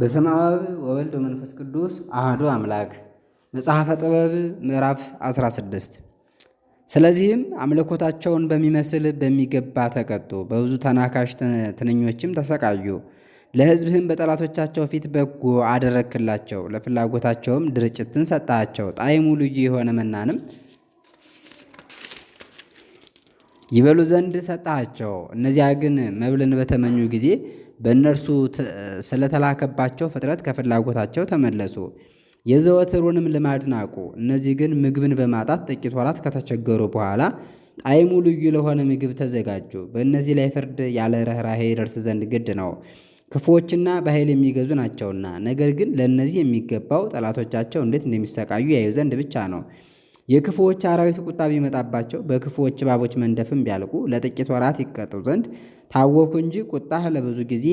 በስመ አብ ወወልድ ወመንፈስ ቅዱስ አህዶ አምላክ። መጽሐፈ ጥበብ ምዕራፍ 16 ስለዚህም አምልኮታቸውን በሚመስል በሚገባ ተቀጡ፣ በብዙ ተናካሽ ትንኞችም ተሰቃዩ። ለሕዝብህም በጠላቶቻቸው ፊት በጎ አደረክላቸው፣ ለፍላጎታቸውም ድርጭትን ሰጣቸው። ጣዕሙ ልዩ የሆነ መናንም ይበሉ ዘንድ ሰጣቸው። እነዚያ ግን መብልን በተመኙ ጊዜ በእነርሱ ስለተላከባቸው ፍጥረት ከፍላጎታቸው ተመለሱ፣ የዘወትሩንም ልማድ ናቁ። እነዚህ ግን ምግብን በማጣት ጥቂት ወራት ከተቸገሩ በኋላ ጣዕሙ ልዩ ለሆነ ምግብ ተዘጋጁ። በእነዚህ ላይ ፍርድ ያለ ርኅራኄ ደርስ ዘንድ ግድ ነው፣ ክፉዎችና በኃይል የሚገዙ ናቸውና። ነገር ግን ለእነዚህ የሚገባው ጠላቶቻቸው እንዴት እንደሚሰቃዩ ያዩ ዘንድ ብቻ ነው። የክፉዎች አራዊት ቁጣ ቢመጣባቸው በክፉዎች እባቦች መንደፍም ቢያልቁ ለጥቂት ወራት ይቀጡ ዘንድ ታወኩ እንጂ ቁጣህ ለብዙ ጊዜ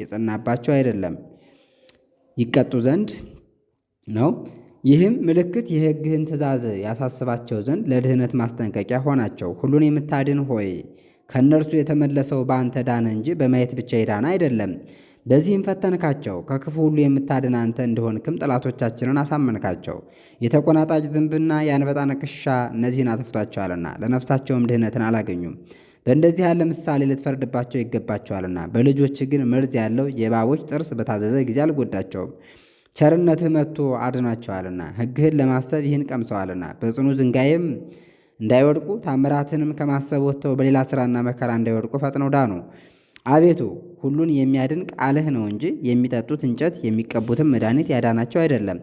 የጸናባቸው አይደለም፣ ይቀጡ ዘንድ ነው። ይህም ምልክት የሕግህን ትእዛዝ ያሳስባቸው ዘንድ ለድህነት ማስጠንቀቂያ ሆናቸው። ሁሉን የምታድን ሆይ ከእነርሱ የተመለሰው በአንተ ዳነ እንጂ በማየት ብቻ የዳነ አይደለም። በዚህም ፈተንካቸው። ከክፉ ሁሉ የምታድን አንተ እንደሆንክም ጠላቶቻችንን አሳመንካቸው። የተቆናጣጭ ዝንብና የአንበጣ ነቅሻ እነዚህን አጥፍቷቸዋልና፣ ለነፍሳቸውም ድህነትን አላገኙም። በእንደዚህ ያለ ምሳሌ ልትፈርድባቸው ይገባቸዋልና፣ በልጆች ግን መርዝ ያለው የእባቦች ጥርስ በታዘዘ ጊዜ አልጎዳቸውም። ቸርነትህ መጥቶ አድናቸዋልና፣ ሕግህን ለማሰብ ይህን ቀምሰዋልና፣ በጽኑ ዝንጋይም እንዳይወድቁ ታምራትንም ከማሰብ ወጥተው በሌላ ሥራና መከራ እንዳይወድቁ ፈጥነው ዳኑ። አቤቱ ሁሉን የሚያድን ቃልህ ነው እንጂ የሚጠጡት እንጨት የሚቀቡትም መድኃኒት ያዳናቸው አይደለም።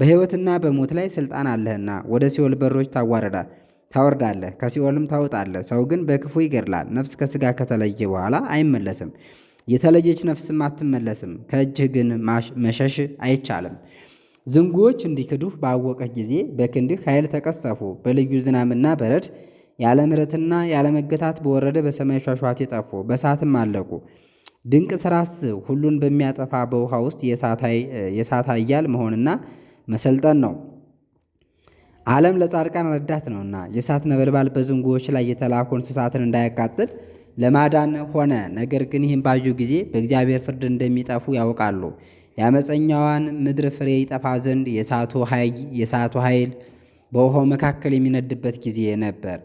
በሕይወትና በሞት ላይ ሥልጣን አለህና ወደ ሲኦል በሮች ታዋረዳ ታወርዳለህ ከሲኦልም ታወጣለህ። ሰው ግን በክፉ ይገድላል። ነፍስ ከሥጋ ከተለየ በኋላ አይመለስም። የተለየች ነፍስም አትመለስም። ከእጅህ ግን መሸሽ አይቻልም። ዝንጉዎች እንዲክዱህ ባወቀህ ጊዜ በክንድህ ኃይል ተቀሰፉ። በልዩ ዝናምና በረድ ያለ ምረትና ያለ መገታት በወረደ በሰማይ ሿሿቴ ጠፉ፣ በእሳትም አለቁ። ድንቅ ስራስ ሁሉን በሚያጠፋ በውሃ ውስጥ የእሳት አያል መሆንና መሰልጠን ነው። ዓለም ለጻድቃን ረዳት ነውና የእሳት ነበልባል በዝንጉዎች ላይ የተላኩ እንስሳትን እንዳያቃጥል ለማዳን ሆነ። ነገር ግን ይህም ባዩ ጊዜ በእግዚአብሔር ፍርድ እንደሚጠፉ ያውቃሉ። የአመፀኛዋን ምድር ፍሬ ይጠፋ ዘንድ የእሳቱ ኃይል በውሃው መካከል የሚነድበት ጊዜ ነበር።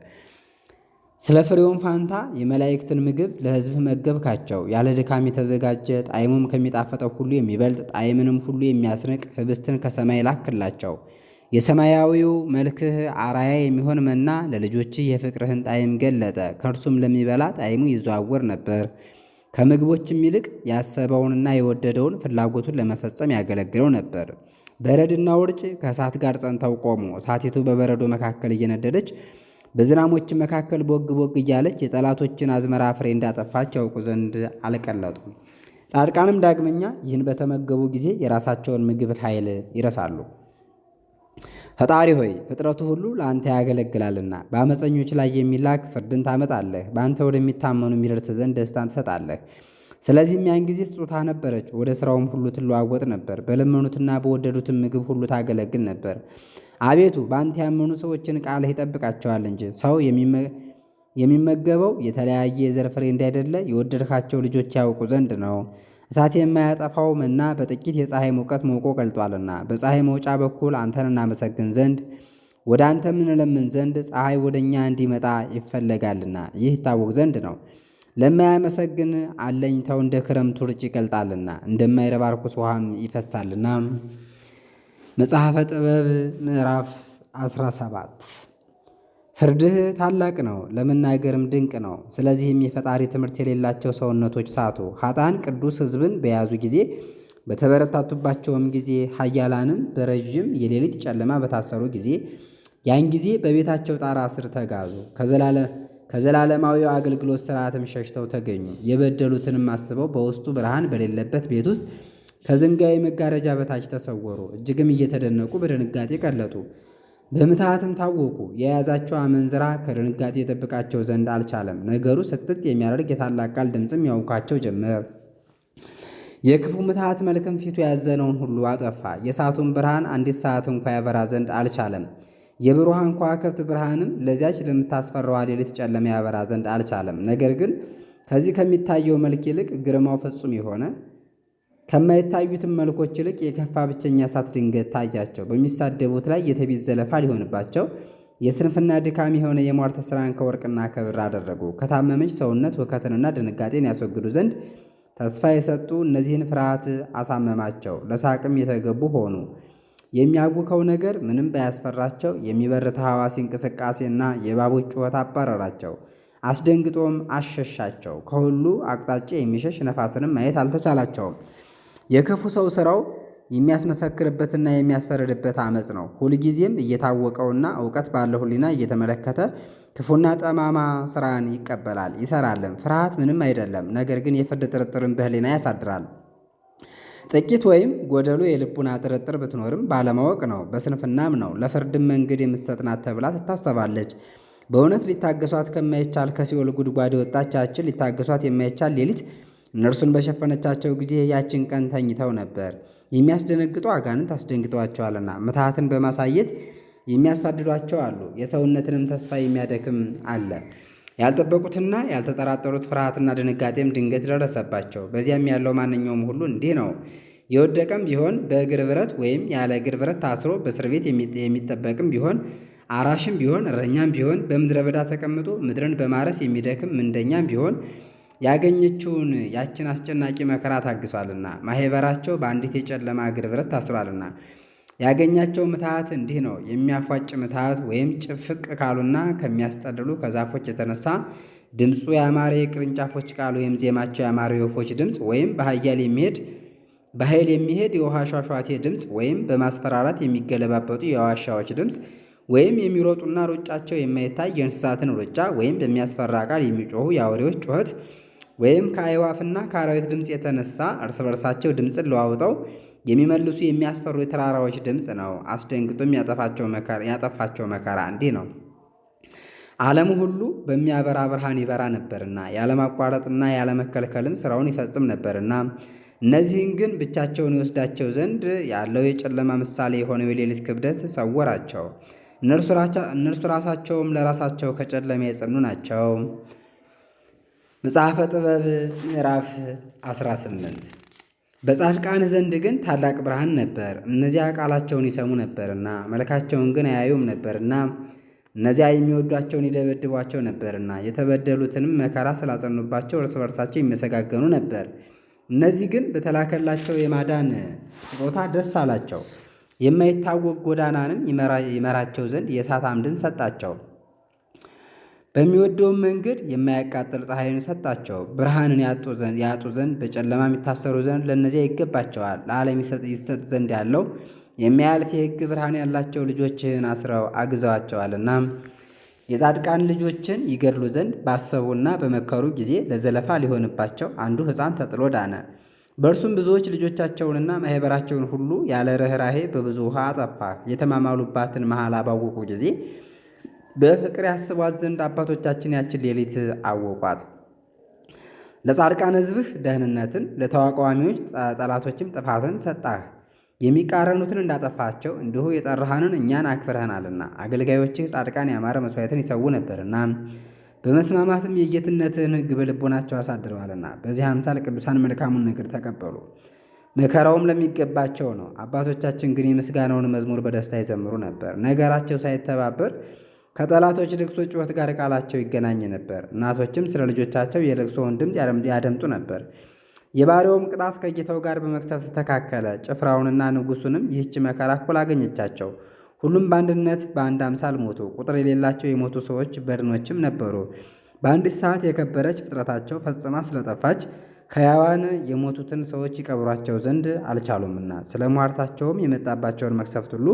ስለ ፍሬውም ፋንታ የመላእክትን ምግብ ለሕዝብህ መገብካቸው። ያለ ድካም የተዘጋጀ ጣዕሙም ከሚጣፈጠው ሁሉ የሚበልጥ ጣዕምንም ሁሉ የሚያስንቅ ህብስትን ከሰማይ ላክላቸው። የሰማያዊው መልክህ አራያ የሚሆን መና ለልጆችህ የፍቅርህን ጣዕም ገለጠ። ከእርሱም ለሚበላ ጣዕሙ ይዘዋወር ነበር። ከምግቦችም ይልቅ ያሰበውንና የወደደውን ፍላጎቱን ለመፈጸም ያገለግለው ነበር። በረድና ውርጭ ከእሳት ጋር ጸንተው ቆሙ። እሳቲቱ በበረዶ መካከል እየነደደች በዝናሞች መካከል ቦግ ቦግ እያለች የጠላቶችን አዝመራ ፍሬ እንዳጠፋች ያውቁ ዘንድ አልቀለጡም። ጻድቃንም ዳግመኛ ይህን በተመገቡ ጊዜ የራሳቸውን ምግብ ኃይል ይረሳሉ። ፈጣሪ ሆይ ፍጥረቱ ሁሉ ለአንተ ያገለግላልና በአመፀኞች ላይ የሚላክ ፍርድን ታመጣለህ። በአንተ ወደሚታመኑ የሚደርስ ዘንድ ደስታን ትሰጣለህ። ስለዚህም ያን ጊዜ ስጦታ ነበረች፣ ወደ ሥራውም ሁሉ ትለዋወጥ ነበር። በለመኑትና በወደዱትም ምግብ ሁሉ ታገለግል ነበር። አቤቱ በአንተ ያመኑ ሰዎችን ቃልህ ይጠብቃቸዋል እንጂ ሰው የሚመገበው የተለያየ የዘር ፍሬ እንዳይደለ የወደድካቸው ልጆች ያውቁ ዘንድ ነው። እሳት እና በጥቂት የፀሐይ ሙቀት ሞቆ ቀልጧልና በፀሐይ መውጫ በኩል አንተን እናመሰግን ዘንድ ወደ ምን ለምን ዘንድ ፀሐይ ወደ እኛ እንዲመጣ ይፈለጋልና ይህ ይታወቅ ዘንድ ነው። ለማያመሰግን አለኝታው እንደ ክረምቱ ርጭ ይቀልጣልና እንደማይረባ ርኩስ ውሃም ይፈሳልና መጽሐፈ ጥበብ ምዕራፍ 17 ፍርድህ ታላቅ ነው፣ ለመናገርም ድንቅ ነው። ስለዚህም የፈጣሪ ትምህርት የሌላቸው ሰውነቶች ሳቱ። ሀጣን ቅዱስ ሕዝብን በያዙ ጊዜ በተበረታቱባቸውም ጊዜ ኃያላንም በረዥም የሌሊት ጨለማ በታሰሩ ጊዜ ያን ጊዜ በቤታቸው ጣራ ስር ተጋዙ። ከዘላለማዊ አገልግሎት ስርዓትም ሸሽተው ተገኙ። የበደሉትንም አስበው በውስጡ ብርሃን በሌለበት ቤት ውስጥ ከዝንጋይ መጋረጃ በታች ተሰወሩ። እጅግም እየተደነቁ በድንጋጤ ቀለጡ፣ በምትሃትም ታወቁ። የያዛቸው አመንዝራ ከድንጋጤ የጠብቃቸው ዘንድ አልቻለም። ነገሩ ስቅጥጥ የሚያደርግ የታላቅ ቃል ድምፅም ያውካቸው ጀመር። የክፉ ምትሃት መልክም ፊቱ ያዘነውን ሁሉ አጠፋ። የእሳቱን ብርሃን አንዲት ሰዓት እንኳ ያበራ ዘንድ አልቻለም። የብሩሃን ከዋክብት ብርሃንም ለዚያች ለምታስፈራዋ ሌሊት ጨለማ ያበራ ዘንድ አልቻለም። ነገር ግን ከዚህ ከሚታየው መልክ ይልቅ ግርማው ፍጹም የሆነ ከማይታዩትም መልኮች ይልቅ የከፋ ብቸኛ እሳት ድንገት ታያቸው። በሚሳደቡት ላይ የትዕቢት ዘለፋ ሊሆንባቸው የስንፍና ድካም የሆነ የሟርተ ስራን ከወርቅና ከብር አደረጉ። ከታመመች ሰውነት ውከትንና ድንጋጤን ያስወግዱ ዘንድ ተስፋ የሰጡ እነዚህን ፍርሃት አሳመማቸው። ለሳቅም የተገቡ ሆኑ። የሚያጉከው ነገር ምንም ባያስፈራቸው የሚበርት ሐዋሲ እንቅስቃሴና የባቦች ጩኸት አባረራቸው። አስደንግጦም አሸሻቸው። ከሁሉ አቅጣጫ የሚሸሽ ነፋስንም ማየት አልተቻላቸውም። የክፉ ሰው ስራው የሚያስመሰክርበትና የሚያስፈርድበት ዓመፅ ነው። ሁልጊዜም እየታወቀውና እውቀት ባለው ሕሊና እየተመለከተ ክፉና ጠማማ ስራን ይቀበላል ይሰራልም። ፍርሃት ምንም አይደለም፣ ነገር ግን የፍርድ ጥርጥርን በሕሊና ያሳድራል። ጥቂት ወይም ጎደሉ የልቡና ጥርጥር ብትኖርም ባለማወቅ ነው፣ በስንፍናም ነው። ለፍርድም መንገድ የምትሰጥናት ተብላ ትታሰባለች። በእውነት ሊታገሷት ከማይቻል ከሲኦል ጉድጓድ ወጣቻችን ሊታገሷት የማይቻል ሌሊት እነርሱን በሸፈነቻቸው ጊዜ ያችን ቀን ተኝተው ነበር። የሚያስደነግጡ አጋንንት አስደንግጠዋቸዋልና ምትሃትን በማሳየት የሚያሳድዷቸው አሉ። የሰውነትንም ተስፋ የሚያደክም አለ። ያልጠበቁትና ያልተጠራጠሩት ፍርሃትና ድንጋጤም ድንገት ደረሰባቸው። በዚያም ያለው ማንኛውም ሁሉ እንዲህ ነው። የወደቀም ቢሆን በእግር ብረት ወይም ያለ እግር ብረት ታስሮ በእስር ቤት የሚጠበቅም ቢሆን አራሽም ቢሆን እረኛም ቢሆን በምድረ በዳ ተቀምጦ ምድርን በማረስ የሚደክም ምንደኛም ቢሆን ያገኘችውን ያችን አስጨናቂ መከራ ታግሷልና ማኅበራቸው በአንዲት የጨለማ እግር ብረት ታስሯልና። ያገኛቸው ምትሃት እንዲህ ነው። የሚያፏጭ ምትሃት ወይም ጭፍቅ ካሉና ከሚያስጠልሉ ከዛፎች የተነሳ ድምፁ ያማረ የቅርንጫፎች ቃል ወይም ዜማቸው ያማረ የወፎች ድምፅ ወይም በኃያል የሚሄድ በኃይል የሚሄድ የውሃ ሿሿቴ ድምፅ ወይም በማስፈራራት የሚገለባበጡ የዋሻዎች ድምፅ ወይም የሚሮጡና ሩጫቸው የማይታይ የእንስሳትን ሩጫ ወይም በሚያስፈራ ቃል የሚጮሁ የአውሬዎች ጩኸት ወይም ከአይዋፍና ከአራዊት ድምፅ የተነሳ እርስ በርሳቸው ድምፅን ለዋውጠው የሚመልሱ የሚያስፈሩ የተራራዎች ድምፅ ነው። አስደንግጦም ያጠፋቸው መከራ እንዲህ ነው። ዓለሙ ሁሉ በሚያበራ ብርሃን ይበራ ነበርና ያለማቋረጥና ያለመከልከልም ስራውን ይፈጽም ነበርና እነዚህን ግን ብቻቸውን ይወስዳቸው ዘንድ ያለው የጨለማ ምሳሌ የሆነው የሌሊት ክብደት ሰወራቸው። እነርሱ ራሳቸውም ለራሳቸው ከጨለማ የጸኑ ናቸው። መጽሐፈ ጥበብ ምዕራፍ 18 በጻድቃን ዘንድ ግን ታላቅ ብርሃን ነበር። እነዚያ ቃላቸውን ይሰሙ ነበርና መልካቸውን ግን አያዩም ነበርና እነዚያ የሚወዷቸውን ይደበድቧቸው ነበርና የተበደሉትንም መከራ ስላጸኑባቸው እርስ በርሳቸው ይመሰጋገኑ ነበር። እነዚህ ግን በተላከላቸው የማዳን ስጦታ ደስ አላቸው። የማይታወቅ ጎዳናንም ይመራቸው ዘንድ የእሳት አምድን ሰጣቸው። በሚወደውም መንገድ የማያቃጥል ፀሐይን ሰጣቸው። ብርሃንን ያጡ ዘንድ በጨለማ የሚታሰሩ ዘንድ ለእነዚያ ይገባቸዋል። ለዓለም ይሰጥ ዘንድ ያለው የሚያልፍ የሕግ ብርሃን ያላቸው ልጆችህን አስረው አግዘዋቸዋልና የጻድቃን ልጆችን ይገድሉ ዘንድ ባሰቡና በመከሩ ጊዜ ለዘለፋ ሊሆንባቸው አንዱ ሕፃን ተጥሎ ዳነ። በእርሱም ብዙዎች ልጆቻቸውንና ማኅበራቸውን ሁሉ ያለ ርኅራሄ በብዙ ውሃ አጠፋ። የተማማሉባትን መሐላ ባወቁ ጊዜ በፍቅር ያስቧት ዘንድ አባቶቻችን ያችን ሌሊት አወቋት። ለጻድቃን ሕዝብህ ደህንነትን፣ ለተቃዋሚዎች ጠላቶችም ጥፋትን ሰጣህ። የሚቃረኑትን እንዳጠፋቸው እንዲሁ የጠራህንን እኛን አክብረህናልና አገልጋዮችህ ጻድቃን ያማረ መሥዋዕትን ይሰዉ ነበርና በመስማማትም የጌትነትን ሕግ በልቦናቸው አሳድረዋልና በዚህ አምሳል ቅዱሳን መልካሙን ነገር ተቀበሉ። መከራውም ለሚገባቸው ነው። አባቶቻችን ግን የምስጋናውን መዝሙር በደስታ ይዘምሩ ነበር ነገራቸው ሳይተባበር ከጠላቶች ልቅሶ ጩኸት ጋር ቃላቸው ይገናኝ ነበር። እናቶችም ስለ ልጆቻቸው የልቅሶውን ድምፅ ያደምጡ ነበር። የባሪያውም ቅጣት ከጌታው ጋር በመክሰፍ ተስተካከለ። ጭፍራውንና ንጉሱንም ይህች መከራ እኩል አገኘቻቸው። ሁሉም በአንድነት በአንድ አምሳል ሞቱ። ቁጥር የሌላቸው የሞቱ ሰዎች በድኖችም ነበሩ። በአንዲት ሰዓት የከበረች ፍጥረታቸው ፈጽማ ስለጠፋች ከያዋን የሞቱትን ሰዎች ይቀብሯቸው ዘንድ አልቻሉምና ስለ ሟርታቸውም የመጣባቸውን መክሰፍት ሁሉ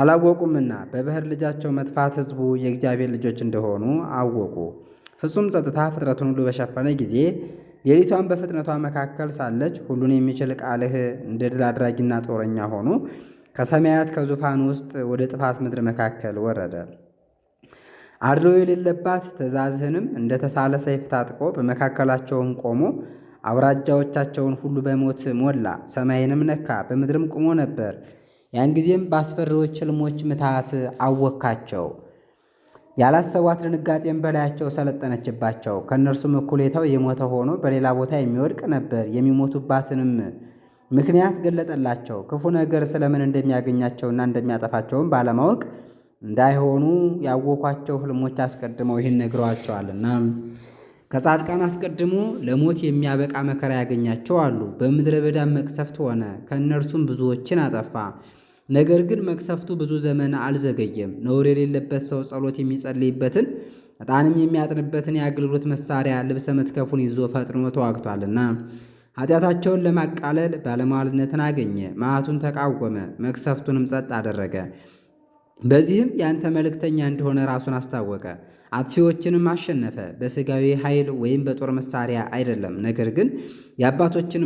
አላወቁምና በበህር ልጃቸው መጥፋት ህዝቡ የእግዚአብሔር ልጆች እንደሆኑ አወቁ። ፍጹም ጸጥታ ፍጥረቱን ሁሉ በሸፈነ ጊዜ ሌሊቷን በፍጥነቷ መካከል ሳለች ሁሉን የሚችል ቃልህ እንደ ድል አድራጊና ጦረኛ ሆኖ ከሰማያት ከዙፋን ውስጥ ወደ ጥፋት ምድር መካከል ወረደ። አድሎ የሌለባት ትእዛዝህንም እንደ ተሳለ ሰይፍ ታጥቆ በመካከላቸውም ቆሞ አውራጃዎቻቸውን ሁሉ በሞት ሞላ። ሰማይንም ነካ፣ በምድርም ቁሞ ነበር። ያን ጊዜም በአስፈሪዎች ህልሞች ምታት አወካቸው። ያላሰቧት ድንጋጤም በላያቸው ሰለጠነችባቸው። ከእነርሱም እኩሌታው የሞተ ሆኖ በሌላ ቦታ የሚወድቅ ነበር። የሚሞቱባትንም ምክንያት ገለጠላቸው። ክፉ ነገር ስለምን እንደሚያገኛቸውና እንደሚያጠፋቸውም ባለማወቅ እንዳይሆኑ ያወኳቸው ህልሞች አስቀድመው ይህን ነግረዋቸዋልና። ከጻድቃን አስቀድሞ ለሞት የሚያበቃ መከራ ያገኛቸው አሉ። በምድረ በዳም መቅሰፍት ሆነ፣ ከእነርሱም ብዙዎችን አጠፋ። ነገር ግን መቅሰፍቱ ብዙ ዘመን አልዘገየም። ነውር የሌለበት ሰው ጸሎት የሚጸልይበትን ዕጣንም የሚያጥንበትን የአገልግሎት መሳሪያ ልብሰ መትከፉን ይዞ ፈጥኖ ተዋግቷልና ኃጢአታቸውን ለማቃለል ባለሟልነትን አገኘ። መዓቱን ተቃወመ፣ መቅሰፍቱንም ጸጥ አደረገ። በዚህም ያንተ መልእክተኛ እንደሆነ ራሱን አስታወቀ። አትፊዎችንም አሸነፈ። በሥጋዊ ኃይል ወይም በጦር መሳሪያ አይደለም፣ ነገር ግን የአባቶችን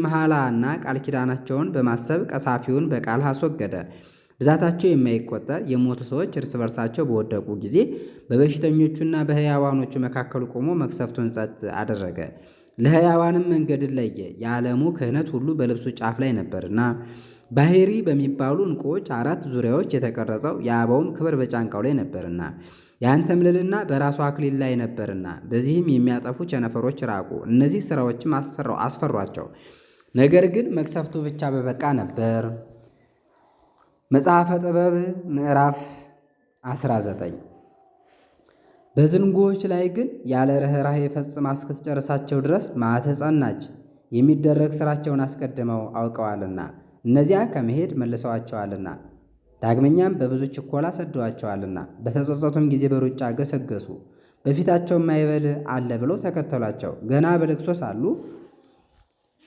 እና ቃል ኪዳናቸውን በማሰብ ቀሳፊውን በቃል አስወገደ። ብዛታቸው የማይቆጠር የሞቱ ሰዎች እርስ በርሳቸው በወደቁ ጊዜ በበሽተኞቹና በሕያዋኖቹ መካከል ቆሞ መቅሰፍቱን ጸጥ አደረገ። ለሕያዋንም መንገድን ለየ። የዓለሙ ክህነት ሁሉ በልብሱ ጫፍ ላይ ነበርና ባሕሪ በሚባሉ ዕንቁዎች አራት ዙሪያዎች የተቀረጸው የአበውም ክብር በጫንቃው ላይ ነበርና ያንተም ልዕልና በራሱ አክሊል ላይ ነበርና፣ በዚህም የሚያጠፉ ቸነፈሮች ራቁ። እነዚህ ስራዎችም አስፈሯቸው። ነገር ግን መቅሰፍቱ ብቻ በበቃ ነበር። መጽሐፈ ጥበብ ምዕራፍ 19 በዝንጎዎች ላይ ግን ያለ ርኅራኄ ፈጽማ እስክትጨርሳቸው ድረስ ማተጸናች የሚደረግ ስራቸውን አስቀድመው አውቀዋልና እነዚያ ከመሄድ መልሰዋቸዋልና ዳግመኛም በብዙ ችኮላ ሰደዋቸዋልና በተጸጸቱም ጊዜ በሩጫ ገሰገሱ። በፊታቸው ማይበል አለ ብለው ተከተሏቸው። ገና በልቅሶ ሳሉ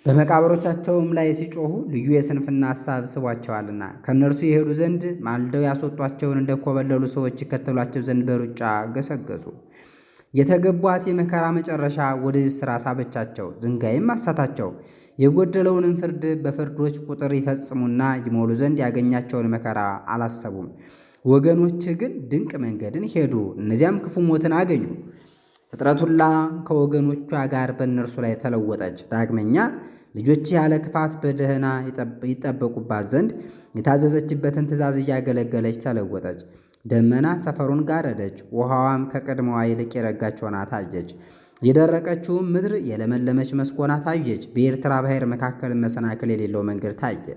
በመቃብሮቻቸውም ላይ ሲጮሁ ልዩ የስንፍና ሐሳብ ስቧቸዋልና ከእነርሱ የሄዱ ዘንድ ማልደው ያስወጧቸውን እንደኮበለሉ ሰዎች ይከተሏቸው ዘንድ በሩጫ ገሰገሱ። የተገቧት የመከራ መጨረሻ ወደዚህ ሥራ ሳበቻቸው፣ ዝንጋይም አሳታቸው። የጎደለውንም ፍርድ በፍርዶች ቁጥር ይፈጽሙና ይሞሉ ዘንድ ያገኛቸውን መከራ አላሰቡም። ወገኖች ግን ድንቅ መንገድን ሄዱ፣ እነዚያም ክፉ ሞትን አገኙ። ፍጥረቱላ ከወገኖቿ ጋር በእነርሱ ላይ ተለወጠች። ዳግመኛ ልጆች ያለ ክፋት በደህና ይጠበቁባት ዘንድ የታዘዘችበትን ትእዛዝ እያገለገለች ተለወጠች። ደመና ሰፈሩን ጋረደች፣ ውሃዋም ከቀድሞዋ ይልቅ የረጋች ሆና ታየች። የደረቀችውም ምድር የለመለመች መስክ ሆና ታየች። በኤርትራ ባሕር መካከል መሰናክል የሌለው መንገድ ታየ።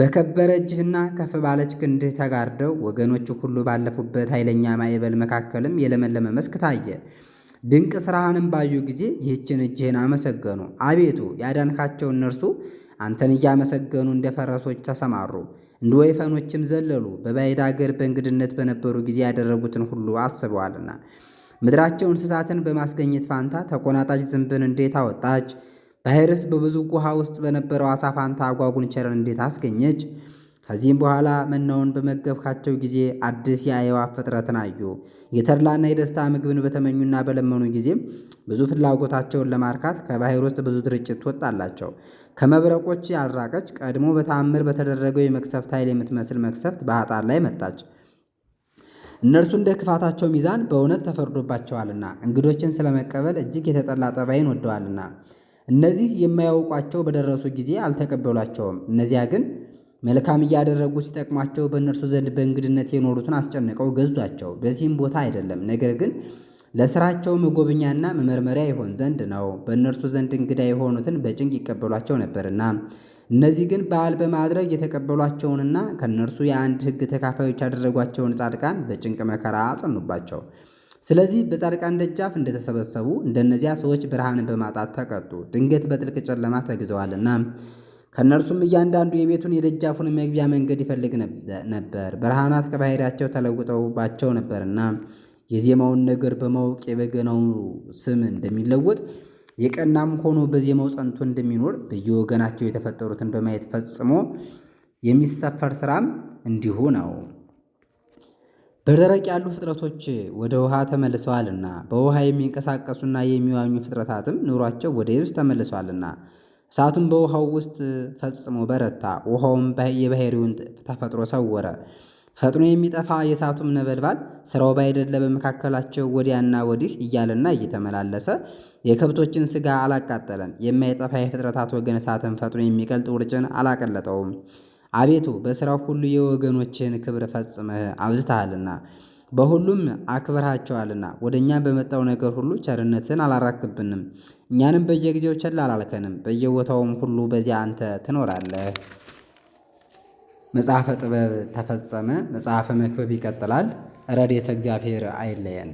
በከበረ እጅህና ከፍ ባለች ክንድህ ተጋርደው ወገኖች ሁሉ ባለፉበት ኃይለኛ ማዕበል መካከልም የለመለመ መስክ ታየ። ድንቅ ሥራህንም ባዩ ጊዜ ይህችን እጅህን አመሰገኑ። አቤቱ ያዳንካቸው እነርሱ አንተን እያመሰገኑ እንደ ፈረሶች ተሰማሩ፣ እንደ ወይፈኖችም ዘለሉ። በባዕድ አገር በእንግድነት በነበሩ ጊዜ ያደረጉትን ሁሉ አስበዋልና ምድራቸው እንስሳትን በማስገኘት ፋንታ ተቆናጣጭ ዝንብን እንዴት አወጣች? ባሕርስ በብዙ ውሃ ውስጥ በነበረው አሳ ፋንታ አጓጉን ቸረን እንዴት አስገኘች? ከዚህም በኋላ መናውን በመገብካቸው ጊዜ አዲስ የአየዋ ፍጥረትን አዩ። የተድላና የደስታ ምግብን በተመኙና በለመኑ ጊዜም ብዙ ፍላጎታቸውን ለማርካት ከባሕር ውስጥ ብዙ ድርጭት ትወጣላቸው። ከመብረቆች ያልራቀች ቀድሞ በተአምር በተደረገው የመክሰፍት ኃይል የምትመስል መክሰፍት በአጣር ላይ መጣች። እነርሱ እንደ ክፋታቸው ሚዛን በእውነት ተፈርዶባቸዋልና እንግዶችን ስለመቀበል እጅግ የተጠላ ጠባይን ወደዋልና እነዚህ የማያውቋቸው በደረሱ ጊዜ አልተቀበሏቸውም። እነዚያ ግን መልካም እያደረጉ ሲጠቅሟቸው በእነርሱ ዘንድ በእንግድነት የኖሩትን አስጨንቀው ገዟቸው። በዚህም ቦታ አይደለም ነገር ግን ለስራቸው መጎብኛና መመርመሪያ ይሆን ዘንድ ነው። በእነርሱ ዘንድ እንግዳ የሆኑትን በጭንቅ ይቀበሏቸው ነበርና እነዚህ ግን በዓል በማድረግ የተቀበሏቸውንና ከእነርሱ የአንድ ሕግ ተካፋዮች ያደረጓቸውን ጻድቃን በጭንቅ መከራ አጸኑባቸው። ስለዚህ በጻድቃን ደጃፍ እንደተሰበሰቡ እንደነዚያ ሰዎች ብርሃንን በማጣት ተቀጡ፣ ድንገት በጥልቅ ጨለማ ተግዘዋልና። ከእነርሱም እያንዳንዱ የቤቱን የደጃፉን መግቢያ መንገድ ይፈልግ ነበር፣ ብርሃናት ከባሕርያቸው ተለውጠውባቸው ነበርና የዜማውን ነገር በማወቅ የበገናው ስም እንደሚለወጥ የቀናም ሆኖ በዜማው ጸንቶ እንደሚኖር በየወገናቸው የተፈጠሩትን በማየት ፈጽሞ የሚሰፈር ስራም እንዲሁ ነው። በደረቅ ያሉ ፍጥረቶች ወደ ውሃ ተመልሰዋልና በውሃ የሚንቀሳቀሱና የሚዋኙ ፍጥረታትም ኑሯቸው ወደ የብስ ተመልሰዋልና እሳቱም በውሃው ውስጥ ፈጽሞ በረታ። ውሃውም የባሕሪውን ተፈጥሮ ሰወረ። ፈጥኖ የሚጠፋ የእሳቱም ነበልባል ስራው ባይደለ በመካከላቸው ወዲያና ወዲህ እያለና እየተመላለሰ የከብቶችን ስጋ አላቃጠለም። የማይጠፋ የፍጥረታት ወገን እሳትን ፈጥኖ የሚቀልጥ ውርጭን አላቀለጠውም። አቤቱ በስራው ሁሉ የወገኖችን ክብር ፈጽመህ አብዝተሃልና በሁሉም አክብርሃቸዋልና ወደ እኛም በመጣው ነገር ሁሉ ቸርነትን አላራክብንም። እኛንም በየጊዜው ቸል አላልከንም። በየቦታውም ሁሉ በዚያ አንተ ትኖራለህ። መጽሐፈ ጥበብ ተፈጸመ። መጽሐፈ መክብብ ይቀጥላል። ረድኤተ እግዚአብሔር አይለየን።